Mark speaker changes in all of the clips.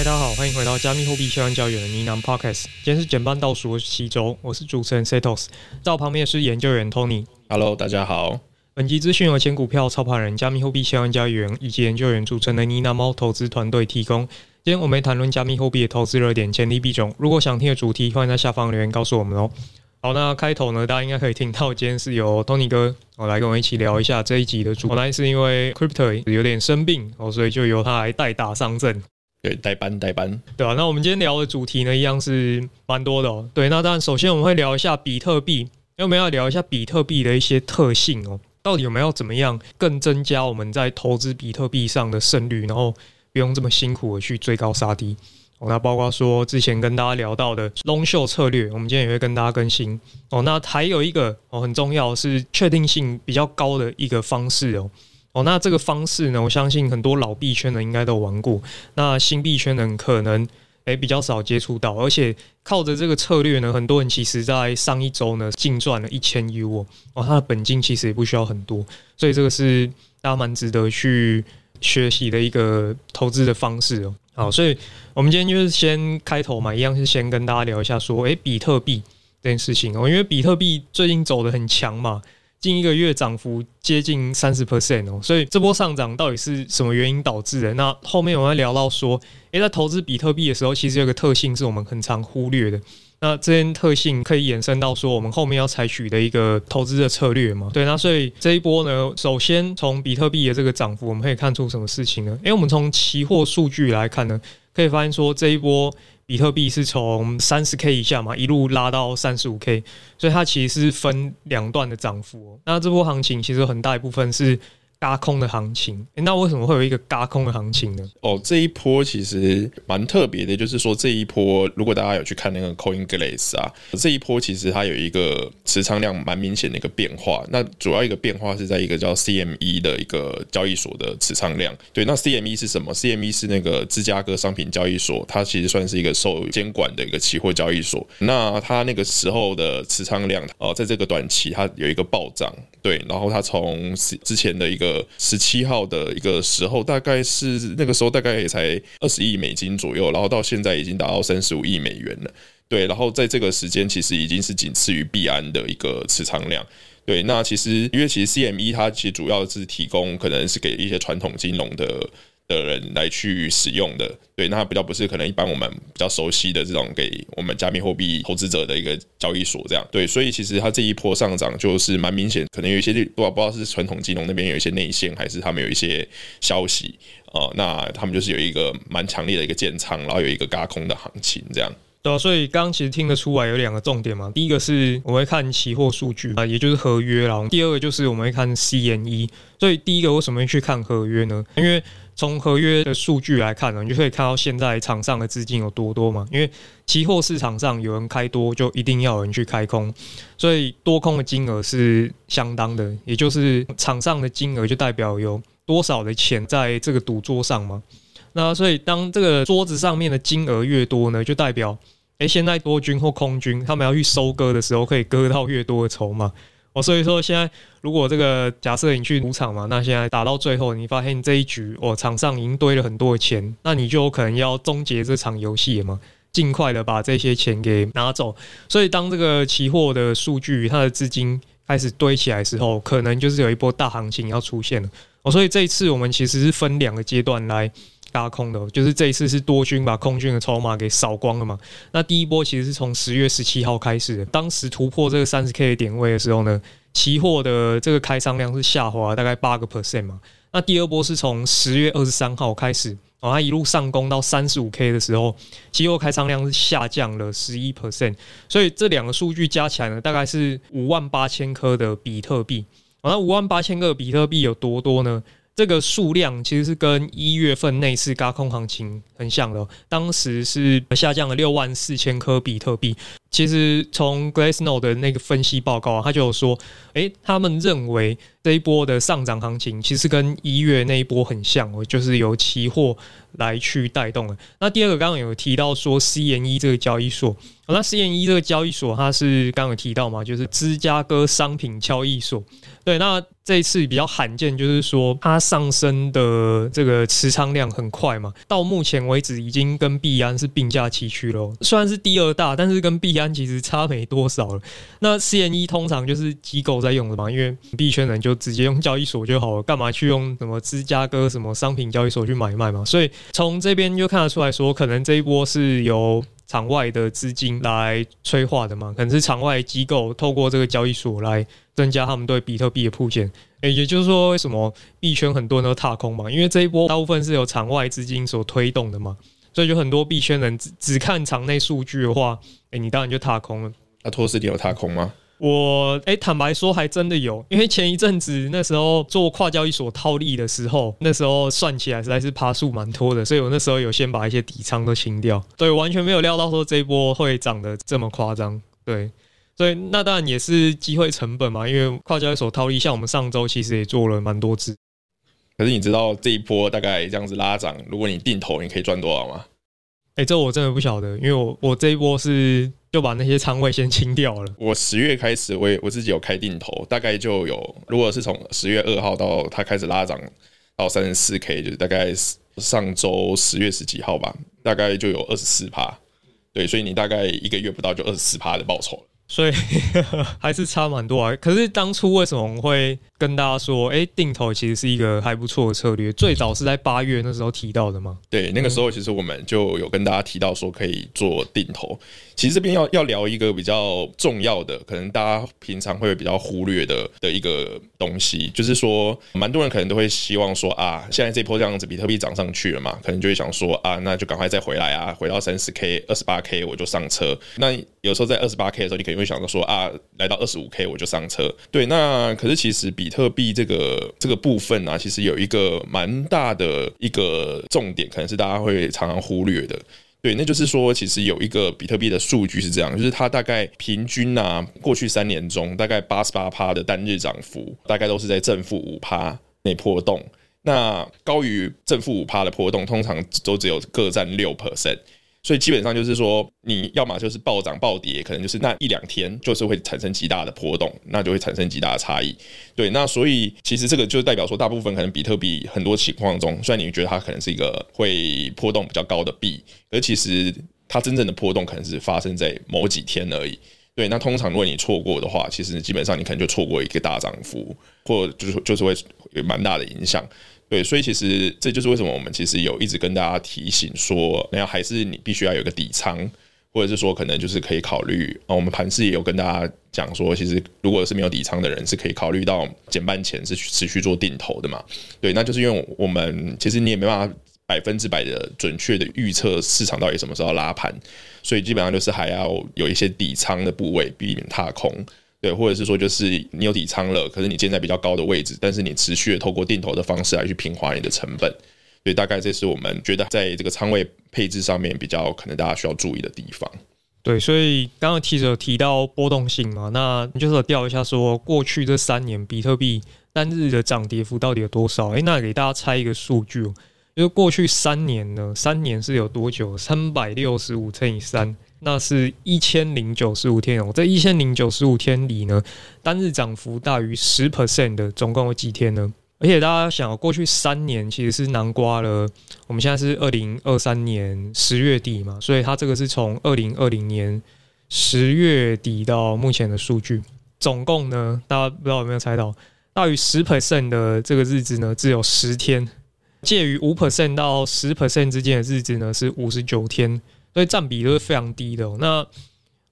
Speaker 1: 嗨，Hi, 大家好，歡迎回到加密貨幣千萬交易員的呢喃 Podcast。今天是減半倒數的七週，我是主持人 Setos，在我旁邊是研究員 Tony。Hello，大家好。本集資訊由前股票操盤人、加密貨幣千萬交易員以及研究員組成的呢喃貓投資團隊提供。今天我們談論加密貨幣的投資熱點、潛力幣種。如果想聽的主題，歡迎在下方留言告訴我們哦。好，那開頭呢，大家應該可以聽到，今天是由 Tony 哥哦來跟我一起聊一下這一集的主題，哦。那是因為 Crypto 有點生病哦，所以就由他來代打上陣。對，代班、代班，對吧？那我們今天聊的主題呢，一樣是蠻多的哦。對，那當然首先我們會聊一下比特幣，因為我們要聊一下比特幣的一些特性哦？到底有沒有要怎麼樣更增加我們在投資比特幣上的勝率，然後不用這麼辛苦的去追高殺低哦？那包括說之前跟大家聊到的 long short 策略，我們今天也會跟大家更新哦。那還有一個哦，很重要是確定性比較高的一個方式哦。哦，那這個方式呢，我相信很多老幣圈人應該都玩過，那新幣圈人可能哎、欸、比較少接觸到。而且靠着這個策略呢，很多人其實，在上一周呢淨賺了一千 U 哦，哦，他的本金其實也不需要很多，所以這個是大家蠻值得去學習的一個投資的方式哦。好，所以我們今天就是先開頭嘛，一樣是先跟大家聊一下說，哎、欸，比特幣這件事情哦，因為比特幣最近走得很強嘛。近一個月漲幅接近三十 percent 哦，所以這波上漲到底是什麼原因導致的？那後面我們會聊到說，誒，在投資比特幣的時候，其實有個特性是我們很常忽略的。那這些特性可以衍生到說，我們後面要採取的一個投資的策略嘛。對，那所以這一波呢，首先從比特幣的這個漲幅，我們可以看出什麼事情呢？因為我們從期貨數據來看呢，可以發現說，這一波。比特幣是從三十 K 以下嘛，一路拉到三十五 K，所以它其實是分兩段的漲幅。那這波行情其實很大一部分是，軋空的行情，那為什麼會有一個軋空的行情呢？
Speaker 2: 哦，這一波其實蠻特別的，就是說這一波，如果大家有去看那個 Coin Glass 啊，這一波其實它有一個持倉量蠻明顯的一個變化。那主要一個變化是在一個叫 CME 的一個交易所的持倉量。對，那 CME 是什麼？CME 是那個芝加哥商品交易所，它其實算是一個受監管的一個期貨交易所。那它那個時候的持倉量，哦、呃，在這個短期它有一個暴漲。對，然後它從之前的一個呃，十七號的一個時候，大概是那個時候，大概也才二十億美金左右，然後到現在已經達到三十五億美元了，對，然後在這個時間其實已經是僅次於幣安的一個持倉量，對，那其實因為其實 CME 它其實主要是提供可能是給一些傳統金融的。的人來去使用的，對，那它比較不是可能一般我們比較熟悉的這種給我們加密貨幣投資者的一個交易所這樣，對，所以其實它這一波上漲就是蠻明顯，可能有一些不不知道是傳統金融那邊有一些內線，還是他們有一些消息、呃、那他們就是有一個蠻強烈的一個建倉，然後有一個軋空的行情這樣。
Speaker 1: 對、啊，所以剛剛其實聽得出來有兩個重點嘛，第一個是我們會看期貨數據啊，也就是合約，然後第二個就是我們會看 CME，所以第一個我為什麼會去看合約呢？因為從合約的數據來看呢，你就可以看到現在場上的資金有多多嘛？因為期貨市場上有人開多，就一定要有人去開空，所以多空的金額是相當的，也就是場上的金額就代表有多少的錢在這個賭桌上嘛。那所以當這個桌子上面的金額越多呢，就代表，誒，欸，現在多軍或空軍他們要去收割的時候，可以割到越多的籌碼。哦，所以說，現在如果這個假設你去賭場嘛，那現在打到最後，你發現這一局我、哦、場上已經堆了很多的錢，那你就可能要終結這場遊戲了嘛，儘快的把這些錢給拿走。所以當這個期貨的數據它的資金開始堆起來的時候，可能就是有一波大行情要出現了。哦，所以這一次我們其實是分兩個階段來。加空的，就是這一次是多軍把空軍的籌碼給掃光了嘛？那第一波其實是從十月十七號開始，當時突破這個三十 K 的點位的時候呢，期貨的這個開倉量是下滑大概八個 percent 嘛？那第二波是從十月二十三號開始，啊，一路上攻到三十五 K 的時候，期貨開倉量是下降了十一 percent。所以這兩個數據加起來呢，大概是五萬八千顆的比特幣。啊，那五萬八千個比特幣有多多呢？這個數量其實是跟一月份那次軋空行情很像的，當時是下降了六萬四千顆比特幣。其實從 Glassnode 的那個分析報告、啊，他就有說，哎、欸，他們認為。這一波的上漲行情其實跟一月那一波很像，喔，我就是由期貨來去帶動的。那第二個剛剛有提到說 CME 這個交易所，喔，那 CME 這個交易所它是剛剛有提到嘛，就是芝加哥商品交易所。對，那這一次比較罕見就是說它上升的這個持倉量很快嘛，到目前為止已經跟幣安是並駕齊驅了，喔，雖然是第二大，但是跟幣安其實差沒多少了。那 CME 通常就是機構在用的嘛，因為幣圈人就。就直接用交易所就好了，幹嘛去用什麼芝加哥什麼商品交易所去買賣嘛？所以從這邊就看得出來說，可能這一波是由場外的資金來催化的嘛，可能是場外機構透過這個交易所來增加他們對比特幣的曝險、欸。也就是說，為什麼幣圈很多人都踏空嘛？因為這一波大部分是由場外資金所推動的嘛，所以有很多幣圈人只只看場內數據的話，誒、欸，你當然就踏空了。
Speaker 2: 那、啊、托斯蒂有踏空嗎？
Speaker 1: 我哎、欸，坦白說還真的有，因為前一陣子那時候做跨交易所套利的時候，那時候算起來實在是趴數蠻多的，所以我那時候有先把一些底倉都清掉，所以完全沒有料到說這一波會漲得這麼誇張，對，所以那當然也是機會成本嘛，因為跨交易所套利像我們上周其實也做了蠻多次，
Speaker 2: 可是你知道這一波大概這樣子拉漲，如果你定投，你可以賺多少嗎？
Speaker 1: 哎、欸，這我真的不曉得，因為我我這一波是就把那些倉位先清掉了。
Speaker 2: 我十月開始我也，我我自己有開定投，大概就有，如果是從十月二號到它開始拉漲到三十四 K，就是大概上周十月十幾號吧，大概就有二十四趴。對，所以你大概一個月不到就二十四趴的報酬了。
Speaker 1: 所以還是差蠻多啊！可是當初為什麼會跟大家說，哎、欸，定投其實是一個還不錯的策略？最早是在八月那時候提到的嗎？
Speaker 2: 對，那個時候其實我們就有跟大家提到說可以做定投。其實這邊要要聊一個比較重要的，可能大家平常會比較忽略的的一個東西，就是說，蠻多人可能都會希望說啊，現在這波這樣子比特幣漲上去了嘛，可能就會想說啊，那就趕快再回來啊，回到三十 K、二十八 K 我就上車。那有時候在二十八 K 的時候，你可以。會想到說啊，來到二十五 K 我就上車。對，那可是其實比特幣這個這個部分呢、啊，其實有一個蠻大的一個重點，可能是大家會常常忽略的。對，那就是說，其實有一個比特幣的數據是這樣，就是它大概平均啊，過去三年中大概八十八%的單日漲幅，大概都是在正負五%那波動。那高於正負五%的波動，通常都只有各占六%。所以基本上就是說，你要麼就是暴漲暴跌，可能就是那一兩天，就是會產生極大的波動，那就會產生極大的差異。對，那所以其實這個就代表說，大部分可能比特幣很多情況中，雖然你覺得它可能是一個會波動比較高的幣，而其實它真正的波動可能是發生在某幾天而已。對，那通常如果你錯過的話，其實基本上你可能就錯過一個大漲幅，或就是就是會有蠻大的影響。對，所以其實這就是為什麼我們其實有一直跟大家提醒說，那還是你必須要有個底倉，或者是說可能就是可以考慮，我們盤勢也有跟大家講說，其實如果是沒有底倉的人，是可以考慮到減半前是持續做定投的嘛？對，那就是因為我們其實你也沒辦法百分之百的準確的預測市場到底什麼時候拉盤，所以基本上就是還要有一些底倉的部位避免踏空。對，或者是說，就是你有底倉了，可是你建在比較高的位置，但是你持續的透過定投的方式來去平滑你的成本。所以，大概這是我們覺得在這個倉位配置上面比較可能大家需要注意的地方。
Speaker 1: 對，所以剛剛提着提到波動性嘛，那你就是調一下說，說過去這三年比特幣單日的漲跌幅到底有多少？誒，那給大家猜一個數據，就是過去三年呢，三年是有多久？三百六十五乘以三。那是一千零九十五天哦、喔，在一千零九十五天裡呢，單日漲幅大於十 percent 的，總共有幾天呢？而且大家想，過去三年其實是南瓜了。我們現在是二零二三年十月底嘛，所以它這個是從二零二零年十月底到目前的數據，總共呢，大家不知道有沒有猜到，大於十 percent 的這個日子呢，只有十天；介於五 percent 到十 percent 之間的日子呢，是五十九天。所以佔比都是非常低的。那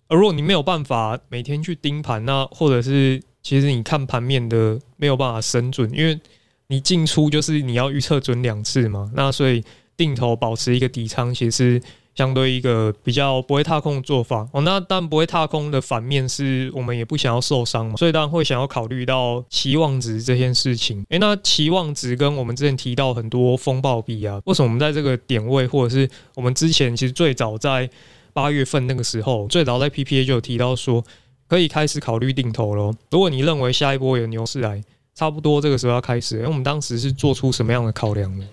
Speaker 1: 而如果你沒有辦法每天去盯盤，那或者是其實你看盤面的沒有辦法審準，因為你進出就是你要預測準兩次嘛。那所以定投保持一個底倉，其實是。相對一個比較不會踏空的做法哦，那但不會踏空的反面是我們也不想要受傷嘛，所以當然會想要考慮到期望值這件事情、欸。誒那期望值跟我們之前提到很多風報比啊，為什麼我們在這個點位或者是我們之前其實最早在八月份那個時候，最早在 P P A 就有提到說可以開始考慮定投了。如果你認為下一波有牛市來，差不多這個時候要開始，因為我們當時是做出什麼樣的考量
Speaker 2: 呢？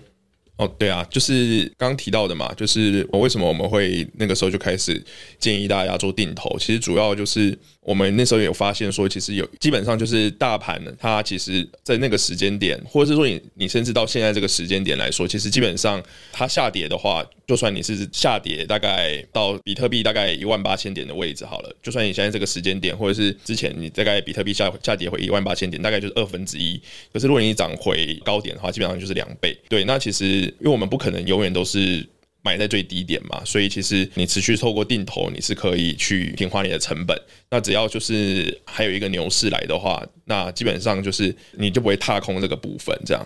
Speaker 2: 哦，oh, 對啊，就是剛剛提到的嘛，就是我為什麼我們會那個時候就開始建議大家做定投，其實主要就是我們那時候有發現說，其實有基本上就是大盤它其實，在那個時間點，或者是說你你甚至到現在這個時間點來說，其實基本上它下跌的話，就算你是下跌，大概到比特幣大概一萬八千點的位置好了，就算你現在這個時間點，或者是之前你大概比特幣下下跌回一萬八千點，大概就是二分之一，2, 可是如果你漲回高點的話，基本上就是兩倍，對，那其實。因為我們不可能永遠都是買在最低點嘛，所以其實你持續透過定投，你是可以去平滑你的成本。那只要就是還有一個牛市來的話，那基本上就是你就不會踏空這個部分。這樣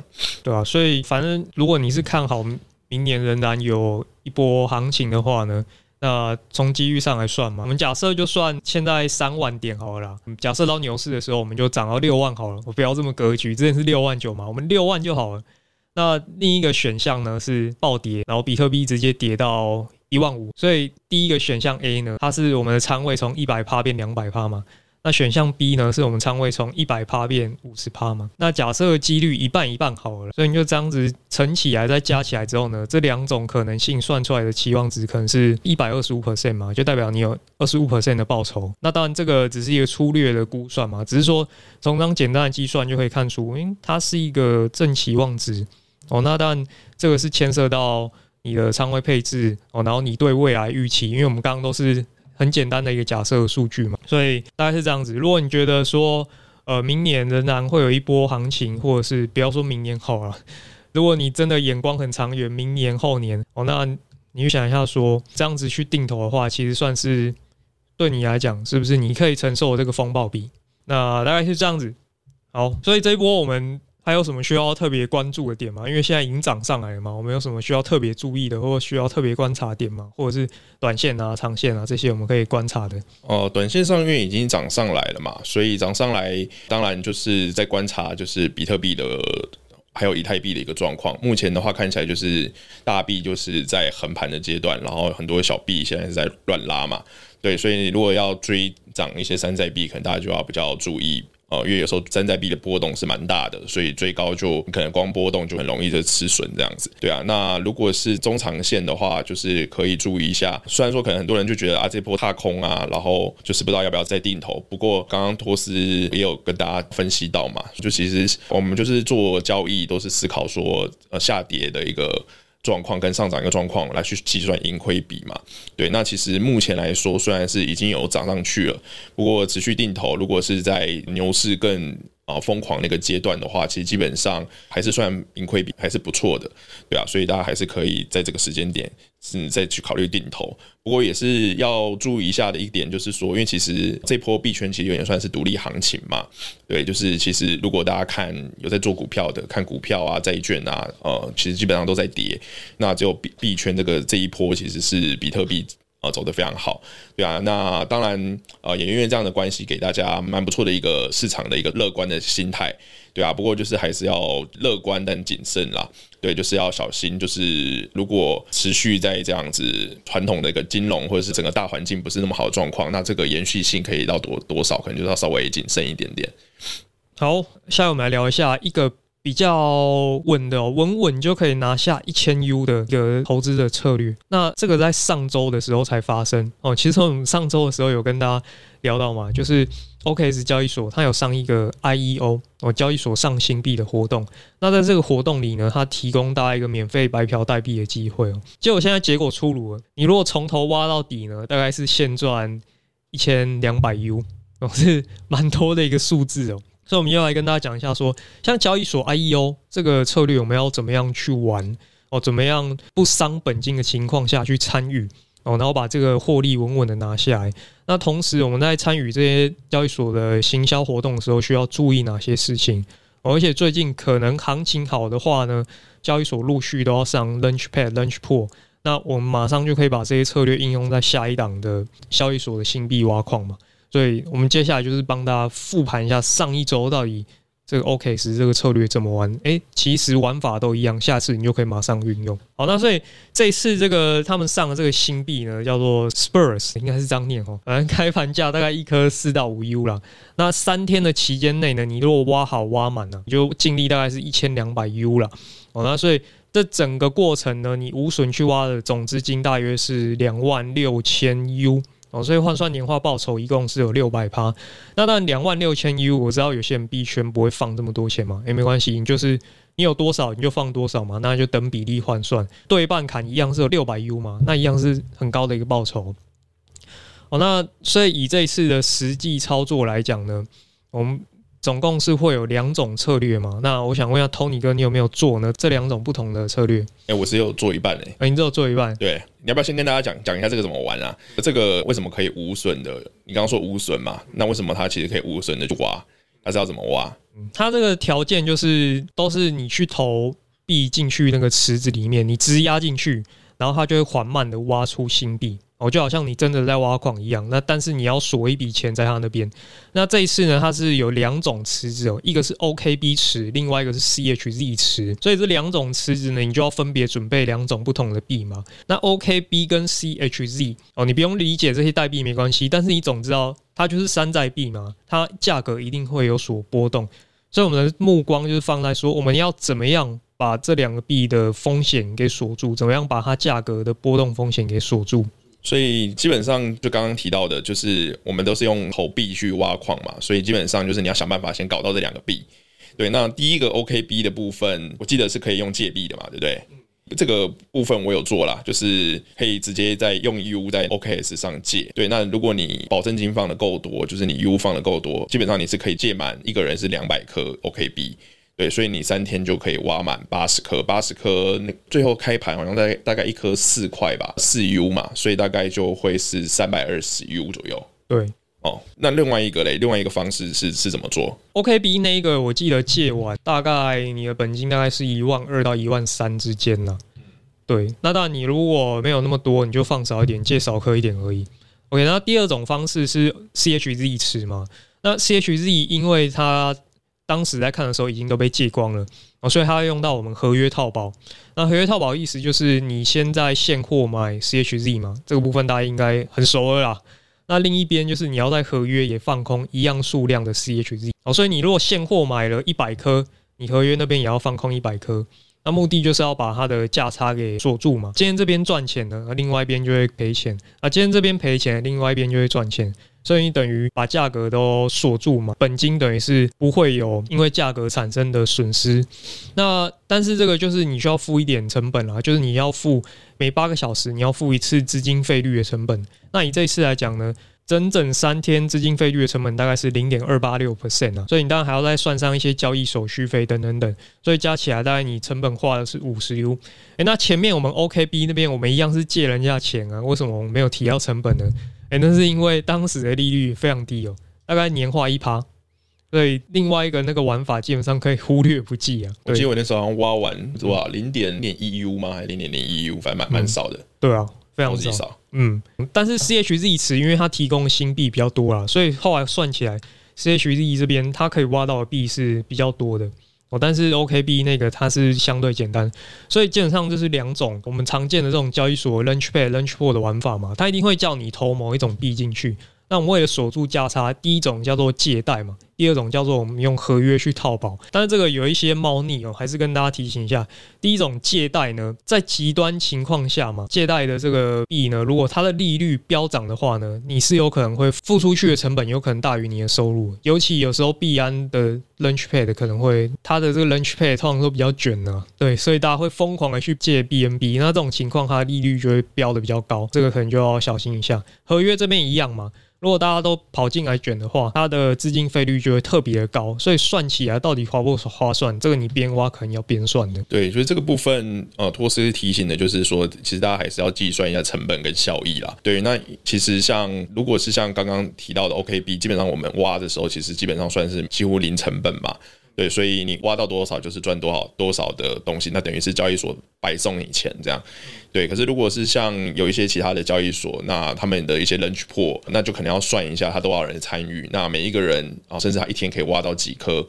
Speaker 1: 對啊，所以反正如果你是看好明年仍然有一波行情的話呢，那從機遇上來算嘛，我們假設就算現在三萬點好了啦，假設到牛市的時候我們就漲到六萬好了，我不要這麼格局，之前是六萬九嘛，我們六萬就好了。那另一個選項呢是暴跌，然後比特幣直接跌到一萬五，所以第一個選項 A 呢，它是我們的倉位從一百趴變兩百趴嘛。那選項 B 呢，是我們倉位從一百趴變五十趴嘛。那假設幾率一半一半好了，所以你就這樣子乘起來，再加起來之後呢，這兩種可能性算出來的期望值可能是一百二十五 percent 嘛，就代表你有二十五 percent 的報酬。那當然這個只是一個粗略的估算嘛，只是說從這樣簡單的計算就可以看出，因、嗯、為它是一個正期望值。哦，那當然這個是牽涉到你的倉位配置哦，然後你對未來預期，因為我們剛剛都是很簡單的一個假設數據嘛，所以大概是這樣子。如果你覺得說，呃，明年仍然會有一波行情，或者是不要說明年好了，啊，如果你真的眼光很長遠，明年後年哦，那你就想一下說，這樣子去定投的話，其實算是對你來講，是不是你可以承受這個風暴比。那大概是這樣子。好，所以這一波我們。還有什麼需要特別關注的點嗎？因為現在已經漲上來了嘛，我們有什麼需要特別注意的，或需要特別觀察點嗎？或者是短線啊、長線啊這些我們可以觀察的。
Speaker 2: 哦、呃，短線上面已經漲上來了嘛，所以漲上來當然就是在觀察，就是比特幣的還有以太幣的一個狀況。目前的話看起來就是大幣就是在橫盤的階段，然後很多小幣現在是在亂拉嘛。對，所以你如果要追漲一些山寨幣，可能大家就要比較注意。呃，因為有時候山寨幣的波動是蠻大的，所以最高就可能光波動就很容易就吃損這樣子。對啊，那如果是中長線的話，就是可以注意一下。雖然說可能很多人就覺得啊，這波踏空啊，然後就是不知道要不要再定投。不過剛剛托斯也有跟大家分析到嘛，就其實我們就是做交易都是思考說，呃，下跌的一個。狀況跟上漲一個狀況來去計算盈虧比嘛，對，那其實目前來說雖然是已經有漲上去了，不過持續定投如果是在牛市更。啊，瘋狂那個階段的話，其實基本上還是算盈虧比還是不錯的，對啊，所以大家還是可以在這個時間點，是再去考慮定投。不過也是要注意一下的一點，就是說，因為其實這波幣圈其實有點算是獨立行情嘛，對，就是其實如果大家看有在做股票的，看股票啊、債券啊，呃，其實基本上都在跌。那只有幣幣圈這個這一波，其實是比特幣。啊，走得非常好，對啊，那當然，呃，也因為這樣的關係，給大家蠻不錯的一個市場的一個樂觀的心態，對啊，不過就是還是要樂觀但謹慎啦，對，就是要小心，就是如果持續在這樣子傳統的一個金融或者是整個大環境不是那麼好的狀況，那這個延續性可以到多多少，可能就是要稍微謹慎一點點。
Speaker 1: 好，下面我們來聊一下一個。比較穩的，喔，穩穩就可以拿下一千 U 的一個投資的策略。那這個在上周的時候才發生哦，喔。其實從上周的時候有跟大家聊到嘛，就是 OKS、OK、交易所，它有上一個 IEO，哦、喔，交易所上新幣的活動。那在這個活動裡呢，它提供大家一個免費白嫖代幣的機會哦，喔。結果現在結果出爐了，你如果從頭挖到底呢，大概是現賺一千兩百 U，哦、喔，是蠻多的一個數字哦，喔。所以，我們又來跟大家講一下說，說像交易所 IEO 這個策略，我們要怎麼樣去玩哦？怎麼樣不傷本金的情況下去參與哦？然後把這個獲利穩穩的拿下來。那同時，我們在參與這些交易所的行銷活動的時候，需要注意哪些事情，哦？而且最近可能行情好的話呢，交易所陸續都要上 Launch Pad、Launch Pool，那我們馬上就可以把這些策略應用在下一檔的交易所的新幣挖礦嘛？所以我們接下來就是幫大家復盤一下上一周到底這個 OKS 這個策略怎麼玩。哎、欸，其實玩法都一樣，下次你就可以馬上運用。好，那所以這一次這個他們上的這個新幣呢，叫做 Spurs，應該是這樣念哈。反正開盤價大概一顆四到五 U 啦。那三天的期間內呢，你如果挖好挖滿了，你就淨利大概是一千兩百 U 啦。哦，那所以這整個過程呢，你無損去挖的總資金大約是兩萬六千 U。哦，所以換算年化報酬一共是有六百趴，那但兩萬六千 U，我知道有些人幣圈不會放這麼多錢嘛，也、欸、沒關係，你就是你有多少你就放多少嘛，那就等比例換算，對半砍一樣是有六百 U 嘛，那一樣是很高的一個報酬。哦，那所以以這一次的實際操作來講呢，我們。總共是會有兩種策略嘛。那我想問一下，Tony 哥，你有沒有做呢，這兩種不同的策略？哎、
Speaker 2: 欸，我是有做一半誒、欸、哎、欸，你只有做一半？對。你要不要先跟大家講講一下這個怎麼玩啊？這個為什麼可以無損的？你剛剛說無損嘛，那為什麼它其實可以無損的去挖？還是要怎麼挖？嗯、
Speaker 1: 它這個條件就是都是你去投幣進去那個池子裡面，你直壓進去，然後它就會緩慢的挖出新幣。哦，就好像你真的在挖礦一樣。那但是你要鎖一筆錢在他那邊。那這一次呢，它是有兩種池子哦，一個是 OKB 池，另外一個是 CHZ 池。所以這兩種池子呢，你就要分別準備兩種不同的幣嘛。那 OKB 跟 CHZ 哦，你不用理解這些代幣沒關係，但是你總知道它就是山寨幣嘛，它價格一定會有所波動。所以我們的目光就是放在說，我們要怎麼樣把這兩個幣的風險給鎖住，怎麼樣把它價格的波動風險給鎖住。
Speaker 2: 所以基本上就剛剛提到的，就是我們都是用投幣去挖礦嘛，所以基本上就是你要想辦法先搞到這兩個幣。對，那第一個 OKB、OK、的部分，我記得是可以用借幣的嘛，對不對？這個部分我有做啦，就是可以直接在用 U 在 OKS、OK、上借。對，那如果你保證金放得夠多，就是你 U 放得夠多，基本上你是可以借滿一個人是兩百顆 OKB。對，所以你三天就可以挖滿八十顆，八十顆，那最後開盤好像大概大概一顆四塊吧，四 U 嘛，所以大概就會是三百二十 U 左右。對，哦，那另外一個嘞，另外一個方式是是怎麼做
Speaker 1: ？OKB、okay, 那一個我記得借完大概你的本金大概是一萬二到一萬三之間呢。對，那當然你如果沒有那麼多，你就放少一點，借少顆一點而已。OK，那第二種方式是 CHZ 池嘛？那 CHZ 因為它，當時在看的時候已經都被借光了喔，所以它會用到我們合約套保。那合約套保的意思就是，你先在現貨買 CHZ 嘛，這個部分大家應該很熟了啦。那另一邊就是你要在合約也放空一樣數量的 CHZ 喔。所以你如果現貨買了一百顆，你合約那邊也要放空一百顆。那目的就是要把它的價差給鎖住嘛。今天這邊賺錢了而另外一邊就會賠錢，啊，今天這邊賠錢，另外一邊就會賺錢。所以你等於把價格都鎖住嘛，本金等於是不會有因為價格產生的損失。那但是這個就是你需要付一點成本啦，就是你要付每八個小時你要付一次資金費率的成本。那你這次來講呢，整整三天資金費率的成本大概是零點二八六 percent 啊，所以你當然還要再算上一些交易手續費等等等，所以加起來大概你成本花的是五十 u、欸。那前面我們 OKB、OK、那邊我們一樣是借人家錢啊，為什麼我沒有提到成本呢？欸，那是因為當時的利率非常低哦、喔，大概年化一趴，所以另外一個那個玩法基本上可以忽略不計啊。我記得我
Speaker 2: 那時候好像挖完是吧，零點點一 u 嗎？還是零點零一 u？反正蠻蠻少的。對啊，非常之少。嗯，但是 CHZ
Speaker 1: 池因為它提供的新幣比較多啦，所以後來算起來，CHZ 這邊它可以挖到的幣是比較多的。哦，但是 OKB、OK、那個它是相對簡單，所以基本上就是兩種我們常見的這種交易所 Launchpad、Launchpool 的玩法嘛，它一定會叫你投某一種幣進去。那我們為了鎖住價差，第一種叫做借貸嘛。第二種叫做我們用合約去套保，但是這個有一些貓膩哦，還是跟大家提醒一下。第一種借貸呢，在極端情況下嘛，借貸的這個幣呢，如果它的利率飆漲的話呢，你是有可能會付出去的成本有可能大於你的收入，尤其有時候幣安的 Launchpad 的可能會它的這個 Launchpad 通常都比較捲呢、啊，對，所以大家會瘋狂的去借 BNB，那這種情況它的利率就會飆的比較高，這個可能就要小心一下。合約這邊一樣嘛，如果大家都跑進來捲的話，它的資金費率就就會特別的高，所以算起來到底划不划算？這個你邊挖可能要邊算的。
Speaker 2: 對，所以這個部分呃，托斯提醒的就是說，其實大家還是要計算一下成本跟效益啦。對，那其實像如果是像剛剛提到的 OKB，基本上我們挖的時候，其實基本上算是幾乎零成本吧。對，所以你挖到多少就是賺多少多少的東西，那等於是交易所白送你錢這樣。對，可是如果是像有一些其他的交易所，那他們的一些 Launchpool，那就可能要算一下，他多少人參與，那每一個人啊，甚至他一天可以挖到幾顆。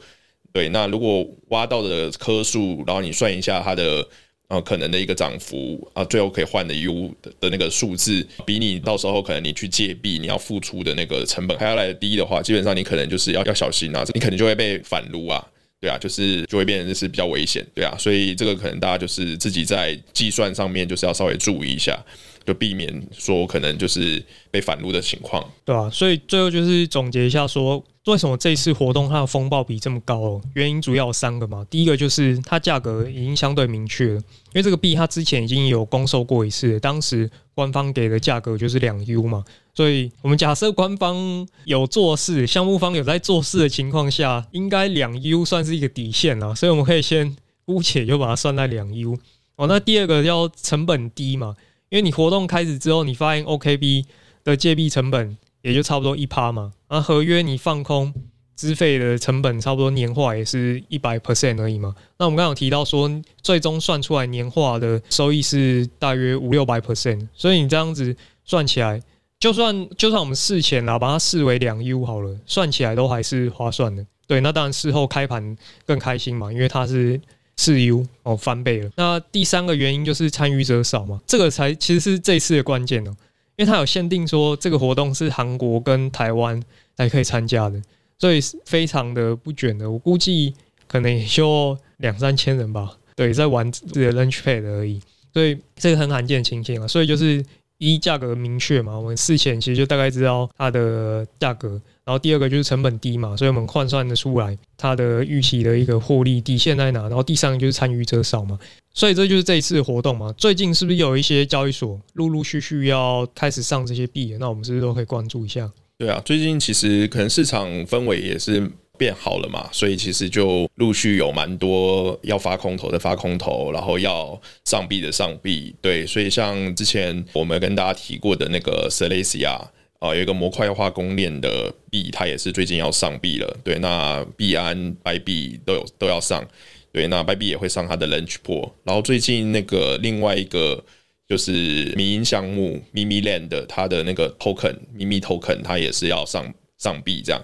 Speaker 2: 對，那如果挖到的顆數，然後你算一下它的呃、啊、可能的一個漲幅啊，最後可以換的 U 的，的那個數字，比你到時候可能你去借幣你要付出的那個成本還要來的低的話，基本上你可能就是要要小心啊，你可能就會被反擼啊。對啊，就是就會變成是比較危險。對啊，所以這個可能大家就是自己在計算上面就是要稍微注意一下，就避免說可能就是被反擼的情況，
Speaker 1: 對啊，所以最後就是總結一下說，說為什麼這次活動它的風暴比這麼高？原因主要有三個嘛。第一個就是它價格已經相對明確了，因為這個幣它之前已經有公售過一次，當時官方給的價格就是兩 U 嘛。所以我們假設官方有做事，項目方有在做事的情況下，應該兩 U 算是一個底線了。所以我們可以先姑且就把它算在兩 U 哦。那第二個叫成本低嘛，因為你活動開始之後，你發現 OKB 的借幣成本也就差不多一趴嘛。那合約你放空，資費的成本差不多年化也是一百 percent 而已嘛。那我們剛剛有提到說，最終算出來年化的收益是大約五六百 percent，所以你這樣子算起來。就算就算我們事前把它視為兩 U 好了，算起來都還是划算的。對，那當然事後開盤更開心嘛，因為它是四 U 哦，翻倍了。那第三個原因就是參與者少嘛，這個才其實是這次的關鍵了喔，因為它有限定說這個活動是韓國跟台灣才可以參加的，所以非常的不捲的。我估計可能也就兩三千人吧，對，在玩自己的 Launchpad 而已，所以這個很罕見的情形了。所以就是。一價格明確嘛，我們事前其實就大概知道它的價格。然後第二個就是成本低嘛，所以我們換算的出來它的預期的一個獲利底線在哪。然後第三個就是參與者少嘛，所以這就是這一次活動嘛。最近是不是有一些交易所陸陸續續要開始上這些幣？那我們是不是都可以關注一下？
Speaker 2: 對啊，最近其實可能市場氛圍也是。變好了嘛，所以其實就陸續有蠻多要發空投的發空投，然後要上幣的上幣。對，所以像之前我們跟大家提過的那個 Celestia 啊，有一個模塊化公鏈的幣，它也是最近要上幣了。對，那幣安 Bybit 都有都要上。對,那 Bybit 也會上它的 Launchpool，然後最近那個另外一個就是迷因項目 Memeland 它的那個 Token MEME Token，它也是要上上幣這樣。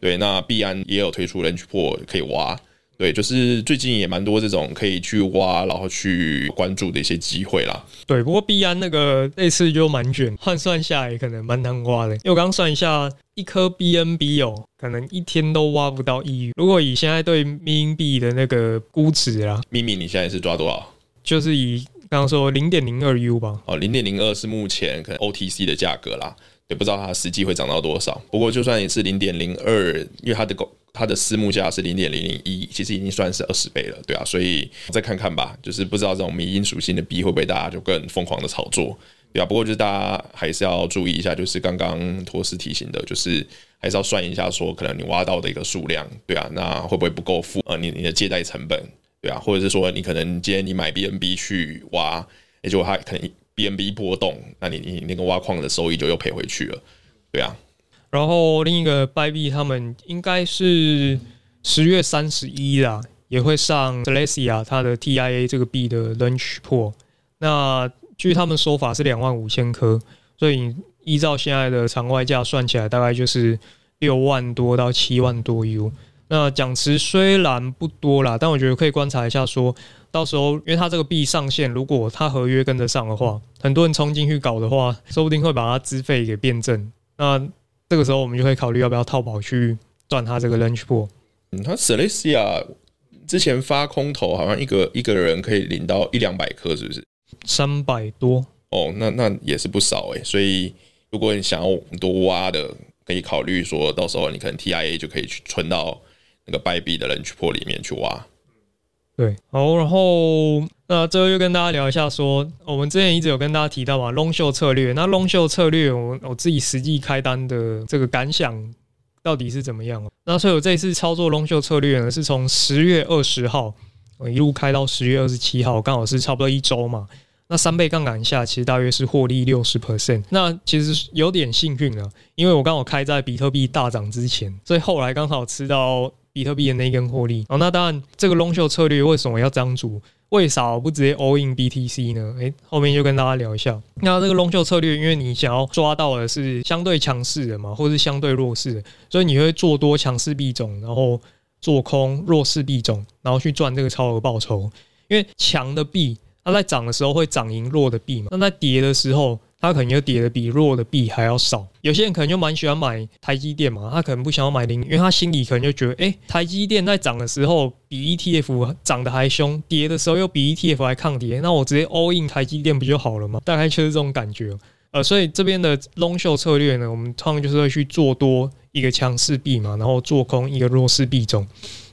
Speaker 2: 對，那幣安也有推出人去破可以挖，對，就是最近也蠻多這種可以去挖，然後去關注的一些機會啦。
Speaker 1: 對，不過幣安那個類似就蠻捲，換算下來可能蠻難挖的。因為我剛算一下，一顆 BNB 有、哦、可能一天都挖不到一、e。如果以現在對 MINI 的那個估值啊
Speaker 2: ，MINI 你現在是抓多少？
Speaker 1: 就是以剛剛說零點零二 U 吧。
Speaker 2: 哦，零點零二是目前可能 OTC 的價格啦。也不知道它實際會漲到多少，不過就算也是零點零二，因為它的它的私募價是零點零零一，其實已經算是二十倍了。對啊，所以再看看吧，就是不知道這種迷因屬性的幣會不會大家就更瘋狂的炒作。對啊，不過就是大家還是要注意一下，就是剛剛托斯提醒的，就是還是要算一下說可能你挖到的一個數量，對啊，那會不會不夠付啊？你你的借貸成本，對啊，或者是說你可能今天你買 BNB 去挖，也就它可能。BNB 波動，那你你，你那個挖礦的收益就又賠回去了，對啊。
Speaker 1: 然後另一個 Bybit 他們應該是十月三十一啦，也會上 Celestia 它的 TIA 這個幣的 Launchpool。那據他們說法是兩萬五千顆，所以依照現在的場外價算起來，大概就是六萬多到七萬多 U。那獎池雖然不多啦，但我覺得可以觀察一下說，說到時候，因為它這個幣上線，如果它合約跟得上的話，很多人衝進去搞的話，說不定會把它資費給變正。那這個時候我們就會考慮要不要套保去賺它這個 launch pool
Speaker 2: 嗯，他 Celestia 之前發空投，好像一個一個人可以領到一兩百顆，克是不是？三百多？哦，那那也是不少誒、欸。所以如果你想要多挖的，可以考慮說到時候你可能 TIA 就可以去存到。那個白幣的人去破裡面去挖，
Speaker 1: 對，好，然後那最後又跟大家聊一下說，說我們之前一直有跟大家提到嘛 Long/Short 策略，那 Long/Short 策略我，我我自己實際開單的這個感想到底是怎麼樣、啊？那所以我這次操作 Long/Short 策略呢，是從十月二十號我一路開到十月二十七號，剛好是差不多一周嘛。那三倍槓桿下，其實大約是獲利六十 percent，那其實有點幸運了、啊，因為我剛好開在比特幣大漲之前，所以後來剛好吃到。比特幣的那一根獲利哦，那當然，這個 long short 策略為什麼要這樣做？為啥不直接 all in BTC 呢？誒、欸，後面就跟大家聊一下。那這個 long short 策略，因為你想要抓到的是相對強勢的嘛，或者是相對弱勢的，所以你會做多強勢幣種，然後做空弱勢幣種，然後去賺這個超額報酬。因為強的幣，它在漲的時候會漲贏弱的幣嘛，那在跌的時候，他可能又跌的比弱的幣還要少。有些人可能就蠻喜歡買台積電嘛，他可能不想要買零，因為他心裡可能就覺得，哎，台積電在漲的時候比 ETF 漲得還凶，跌的時候又比 ETF 還抗跌，那我直接 all in 台積電不就好了嗎？大概就是這種感覺，呃，所以這邊的 long short 策略呢，我們通常就是會去做多一個強勢幣嘛，然後做空一個弱勢幣種。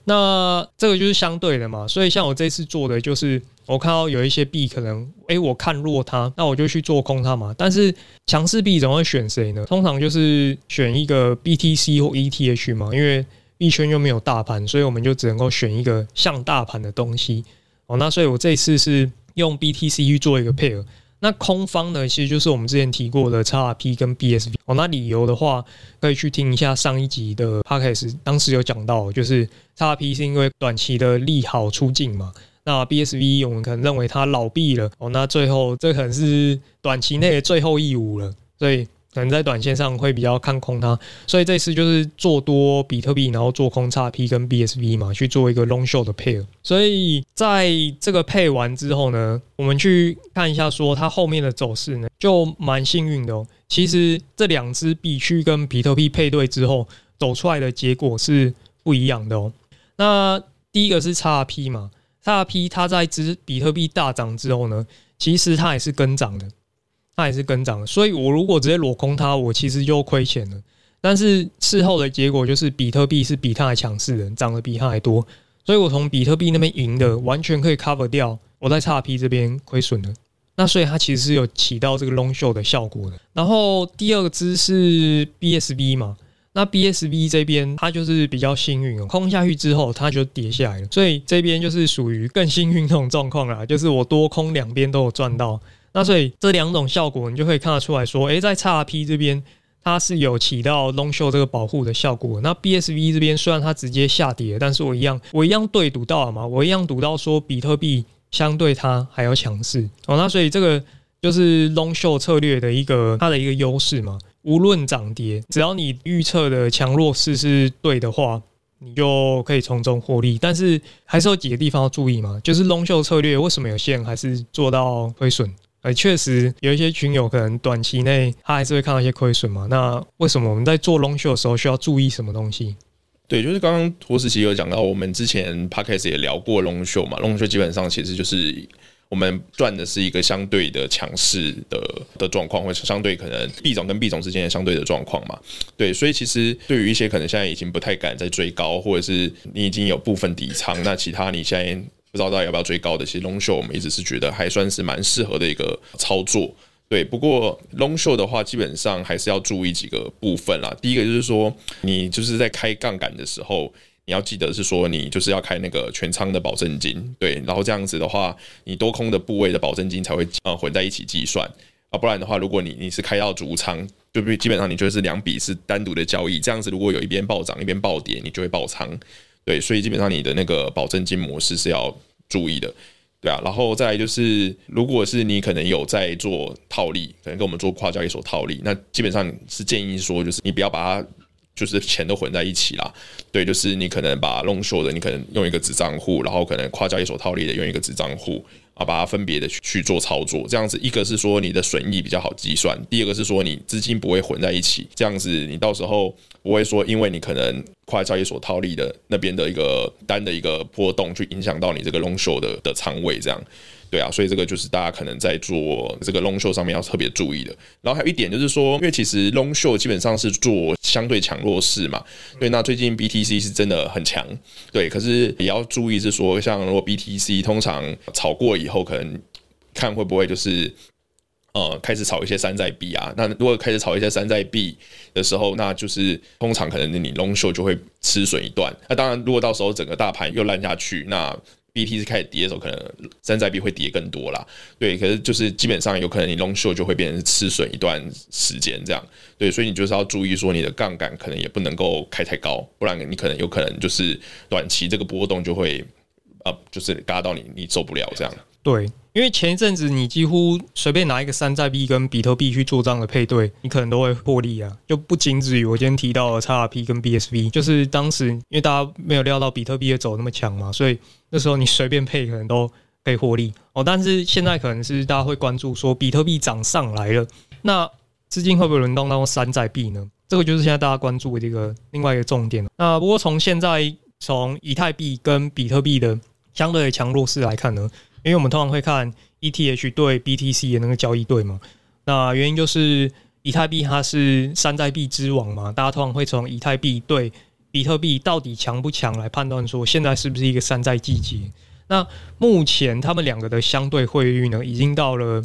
Speaker 1: 那這個就是相對的嘛，所以像我這次做的就是，我看到有一些幣可能，哎、欸，我看弱它，那我就去做空它嘛。但是強勢幣總會選誰呢？通常就是選一個 BTC 或 ETH 嘛，因為幣圈又沒有大盤，所以我們就只能夠選一個像大盤的東西。哦，那所以我這次是用 BTC 去做一個配合。那空方呢，其實就是我們之前提過的 XRP 跟 BSV 哦。那理由的話，可以去聽一下上一集的 podcast，當時有講到，就是 XRP 是因為短期的利好出盡嘛。那 BSV 我們可能認為它老幣了哦。那最後這可能是短期內的最後一舞了，所以。可能在短線上會比較看空它，所以這次就是做多比特幣，然後做空 XRP 跟 BSV 嘛，去做一個 long short 的配。所以在這個配完之後呢，我們去看一下，說它後面的走勢呢，就蠻幸運的、喔。其實這兩支幣去跟比特幣配對之後，走出來的結果是不一樣的哦、喔。那第一個是 XRP 嘛，XRP 它在支比特幣大漲之後呢，其實它也是跟漲的。它也是跟漲的，所以我如果直接裸空它，我其實就虧錢了。但是事後的結果就是，比特幣是比它還強勢的，漲得比它還多，所以我從比特幣那邊贏的完全可以 cover 掉我在 XP 這邊虧損的。那所以它其實是有起到這個 long short 的效果的。然後第二個支是 BSB 嘛，那 BSB 這邊它就是比較幸運哦、喔，空下去之後它就跌下來了。所以這邊就是屬於更幸運那種狀況啦，就是我多空兩邊都有賺到。那所以這兩種效果你就可以看得出來說，誒、欸，在 XRP 這邊它是有起到 long short 這個保護的效果。那 BSV 這邊雖然它直接下跌，但是我一樣我一樣對賭到了嘛，我一樣賭到說比特幣相對它還要強勢。哦，那所以這個就是 long short 策略的一個它的一個優勢嘛，無論漲跌，只要你預測的強弱勢是對的話，你就可以從中獲利。但是還是有幾個地方要注意嘛，就是 long short 策略為什麼有些人，還是做到虧損？欸，確實有一些群友可能短期內他還是會看到一些虧損嘛。那為什麼我們在做 long 秀的時候，需要注意什麼東西？
Speaker 2: 對，就是剛剛胡思奇有講到，我們之前 Podcast 也聊過 long 秀嘛。long 秀基本上其實就是我們賺的是一個相對的強勢的的狀況，或者相對可能幣種跟幣種之間的相對的狀況嘛。對，所以其實對於一些可能現在已經不太敢再追高，或者是你已經有部分底倉，那其他你現在。知道到底要不要追高的？其實 Long Short 我們一直是覺得還算是蠻適合的一個操作，對。不過 Long Short 的話，基本上還是要注意幾個部分啦。第一個就是說，你就是在開槓桿的時候，你要記得是說，你就是要開那個全倉的保證金，對。然後這樣子的話，你多空的部位的保證金才會呃混在一起計算啊。不然的話，如果你你是開到逐倉，就基本上你就是兩筆是單獨的交易。這樣子，如果有一邊暴漲一邊暴跌，你就會爆倉。對，所以基本上你的那個保證金模式是要。注意的，對啊，然後再來就是，如果是你可能有在做套利，可能跟我們做跨交易所套利，那基本上是建議說，就是你不要把它。就是錢都混在一起啦，對，就是你可能把 long short 的，你可能用一個子賬戶，然後可能跨交易所套利的用一個子賬戶啊，把它分別的去做操作，這樣子，一個是說你的損益比較好計算，第二個是說你資金不會混在一起，這樣子你到時候不會說因為你可能跨交易所套利的那邊的一個單的一個波動去影響到你這個 long short 的的倉位這樣。對啊，所以這個就是大家可能在做這個 Long/Short 上面要特別注意的。然後還有一點就是說，因為其實 Long/Short 基本上是做相對強弱勢嘛。對，那最近 BTC 是真的很強，對。可是也要注意是說，像如果 BTC 通常炒過以後，可能看會不會就是呃開始炒一些山寨幣啊。那如果開始炒一些山寨幣的時候，那就是通常可能你 Long/Short 就會吃損一段。那當然，如果到時候整個大盤又爛下去，那 B T 是開始跌的時候，可能山寨幣會跌更多啦。對，可是就是基本上有可能你 l 秀就會變成吃損一段時間，這樣。對，所以你就是要注意說，你的槓桿可能也不能夠開太高，不然你可能有可能就是短期這個波動就會，呃，就是嘎到你你走不了這樣。
Speaker 1: 對。因為前一陣子，你幾乎隨便拿一個山寨幣跟比特幣去做這樣的配對，你可能都會獲利啊。就不僅止於我今天提到的 XRP 跟 BSV，就是當時因為大家沒有料到比特幣也走那麼強嘛，所以那時候你隨便配可能都可以獲利哦。但是現在可能是大家會關注說，比特幣漲上來了，那資金會不會輪動到山寨幣呢？這個就是現在大家關注的這個另外一個重點。那不過從現在從以太幣跟比特幣的相對的強弱勢來看呢，因為我們通常會看 ETH 對 BTC 的那個交易對嘛，那原因就是以太幣它是山寨幣之王嘛，大家通常會從以太幣對比特幣到底強不強來判斷說現在是不是一個山寨季節。那目前他們兩個的相對匯率呢，已經到了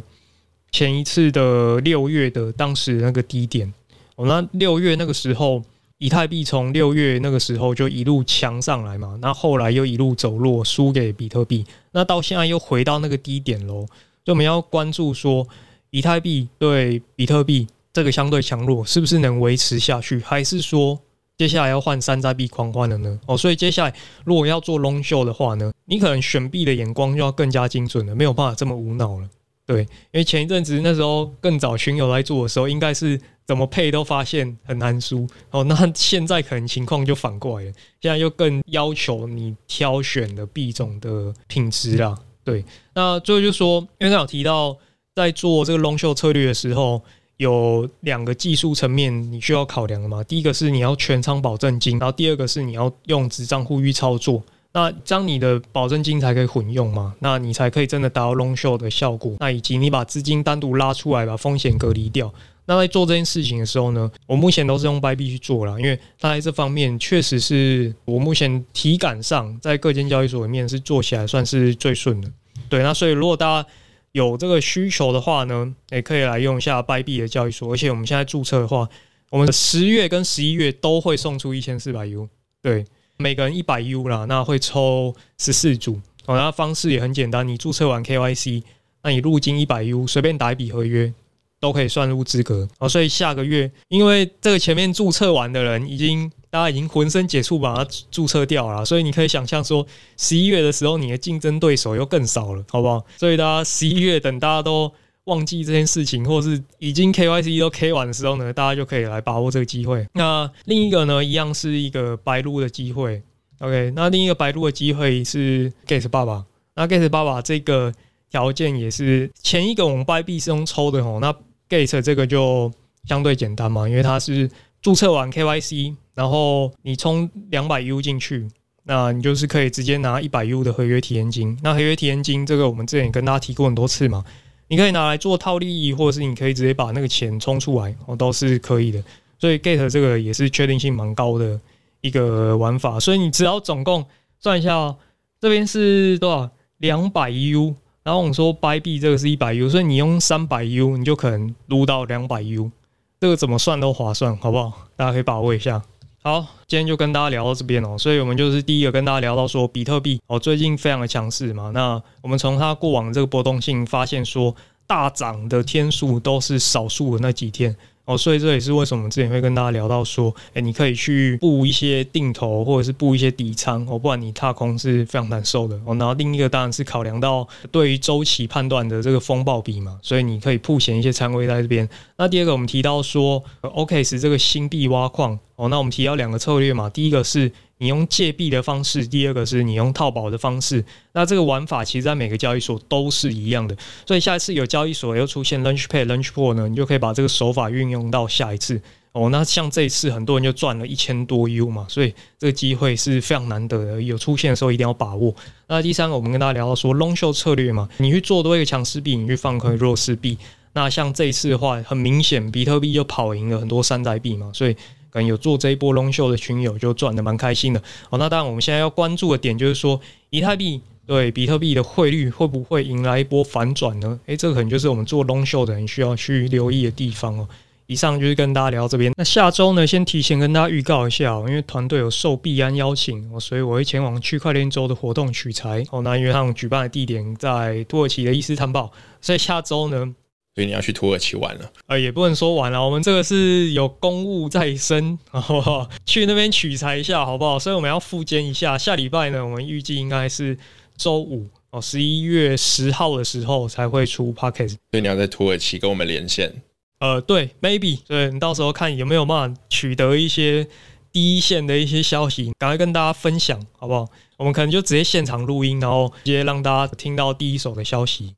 Speaker 1: 前一次的六月的當時的那個低點。哦，那六月那個時候。以太幣從六月那個時候就一路強上來嘛，那後，後來又一路走弱，輸給比特幣，那到現在又回到那個低點嘍。所以我們要關注說，以太幣對比特幣這個相對強弱是不是能維持下去，還是說接下來要換山寨幣狂歡了呢？哦，所以接下來如果要做 Long Short 的話呢，你可能選幣的眼光就要更加精準了，沒有辦法這麼無腦了。對，因為前一陣子那時候更早群友來做的時候，應該是怎麼配都發現很難輸哦。那現在可能情況就反過來了，現在又更要求你挑選的幣種的品質了。對，那最後就說，因為他有提到，在做這個 Long/Short 策略的時候，有兩個技術層面你需要考量的嘛。第一個是你要全倉保證金，然後第二個是你要用子帳戶預操作。那將你的保證金才可以混用嘛？那你才可以真的達到 long short 的效果。那以及你把資金單獨拉出來，把風險隔離掉。那在做這件事情的時候呢，我目前都是用 Bybit 去做了，因為它在這方面確實是我目前體感上在各間交易所裡面是做起來算是最順的。對，那所以如果大家有這個需求的話呢，也可以來用一下 Bybit 的交易所。而且我們現在註冊的話，我們十月跟十一月都會送出一千四百 U。對。每個人一百 U 了，那會抽十四組哦。那方式也很簡單，你注冊完 KYC，那你入金一百 U，隨便打一筆合約，都可以算入資格哦。所以下個月，因為這個前面注冊完的人已經大家已經渾身解數把它注冊掉了啦，所以你可以想象說，十一月的時候你的競爭對手又更少了，好不好？所以大家十一月等大家都。忘記這件事情，或是已經 KYC 都 K 完的時候呢，大家就可以來把握這個機會。那另一個呢，一樣是一個白嚕的機會。OK，那另一個白嚕的機會是 Gate 爸爸。那 Gate 爸爸這個條件也是前一個我們 Bybit 是用抽的哦。那 Gate 這個就相對簡單嘛，因為它是注冊完 KYC，然後你充兩百 U 進去，那你就是可以直接拿一百 U 的合約體驗金。那合約體驗金這個我們之前也跟大家提過很多次嘛。你可以拿來做套利益，或者是你可以直接把那個錢充出來，哦、喔，都是可以的。所以 Gate 這個也是確定性蠻高的一個玩法。所以你只要總共算一下，喔，這邊是多少兩百 U，然後我們說 Bybit 這個是一百 U，所以你用三百 U，你就可能擼到兩百 U，這個怎麼算都划算，好不好？大家可以把握一下。好，今天就跟大家聊到這邊哦，所以我們就是第一個跟大家聊到說，比特幣哦最近非常的強勢嘛，那我們從它過往的這個波動性發現說，大漲的天數都是少數的那幾天。哦，所以這也是為什麼之前會跟大家聊到說，哎，你可以去布一些定投，或者是布一些底倉，哦，不然你踏空是非常難受的。哦，然後另一個當然是考量到對於週期判斷的這個風報比嘛，所以你可以佈險一些倉位在這邊。那第二個我們提到說，OKX 這個新幣挖礦，哦，那我們提到兩個策略嘛，第一個是。你用借幣的方式，第二個是你用套保的方式，那這個玩法其實在每個交易所都是一樣的，所以下一次有交易所又出現 Launchpad Launchpool 呢，你就可以把這個手法運用到下一次哦。那像這一次很多人就賺了一千多 U 嘛，所以這個機會是非常難得的，有出現的時候一定要把握。那第三個，我們跟大家聊到說 Long Short 策略嘛，你去做多一個強勢幣，你去放空弱勢幣。那像這一次的話，很明顯比特幣就跑贏了很多山寨幣嘛，所以。有做這一波 Long Short 的群友就賺的蠻開心的。好，那當然，我們現在要關注的點就是說，以太幣對比特幣的匯率會不會迎來一波反轉呢？哎、欸，這個可能就是我們做 Long Short 的人需要去留意的地方哦。以上就是跟大家聊這邊。那下周呢，先提前跟大家預告一下、哦，因為團隊有受幣安邀請，所以我會前往區塊鏈週的活動取材哦。那因為他們舉辦的地點在土耳其的伊斯坦堡，所
Speaker 2: 以下周呢。所以你要去土耳其玩了？
Speaker 1: 呃，也不能說玩了，我們這個是有公務在身，然後去那邊取材一下，好不好？所以我們要復健一下。下禮拜呢，我們預計應該是週五哦，十一月十號的時候才會出
Speaker 2: podcast。所以你要在土耳其跟我們連線？
Speaker 1: 呃，對，maybe，對，你到時候看有沒有辦法取得一些第一線的一些消息，趕快跟大家分享，好不好？我們可能就直接現場錄音，然後直接讓大家聽到第一手的消息。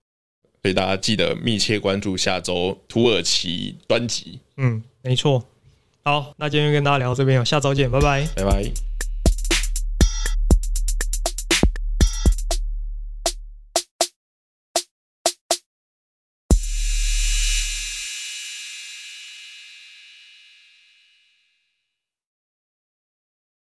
Speaker 2: 所以大家記得密切關注下周土耳其專輯。
Speaker 1: 嗯，沒錯。好，那今天就跟大家聊到這邊。下周見，拜拜，
Speaker 2: 拜拜。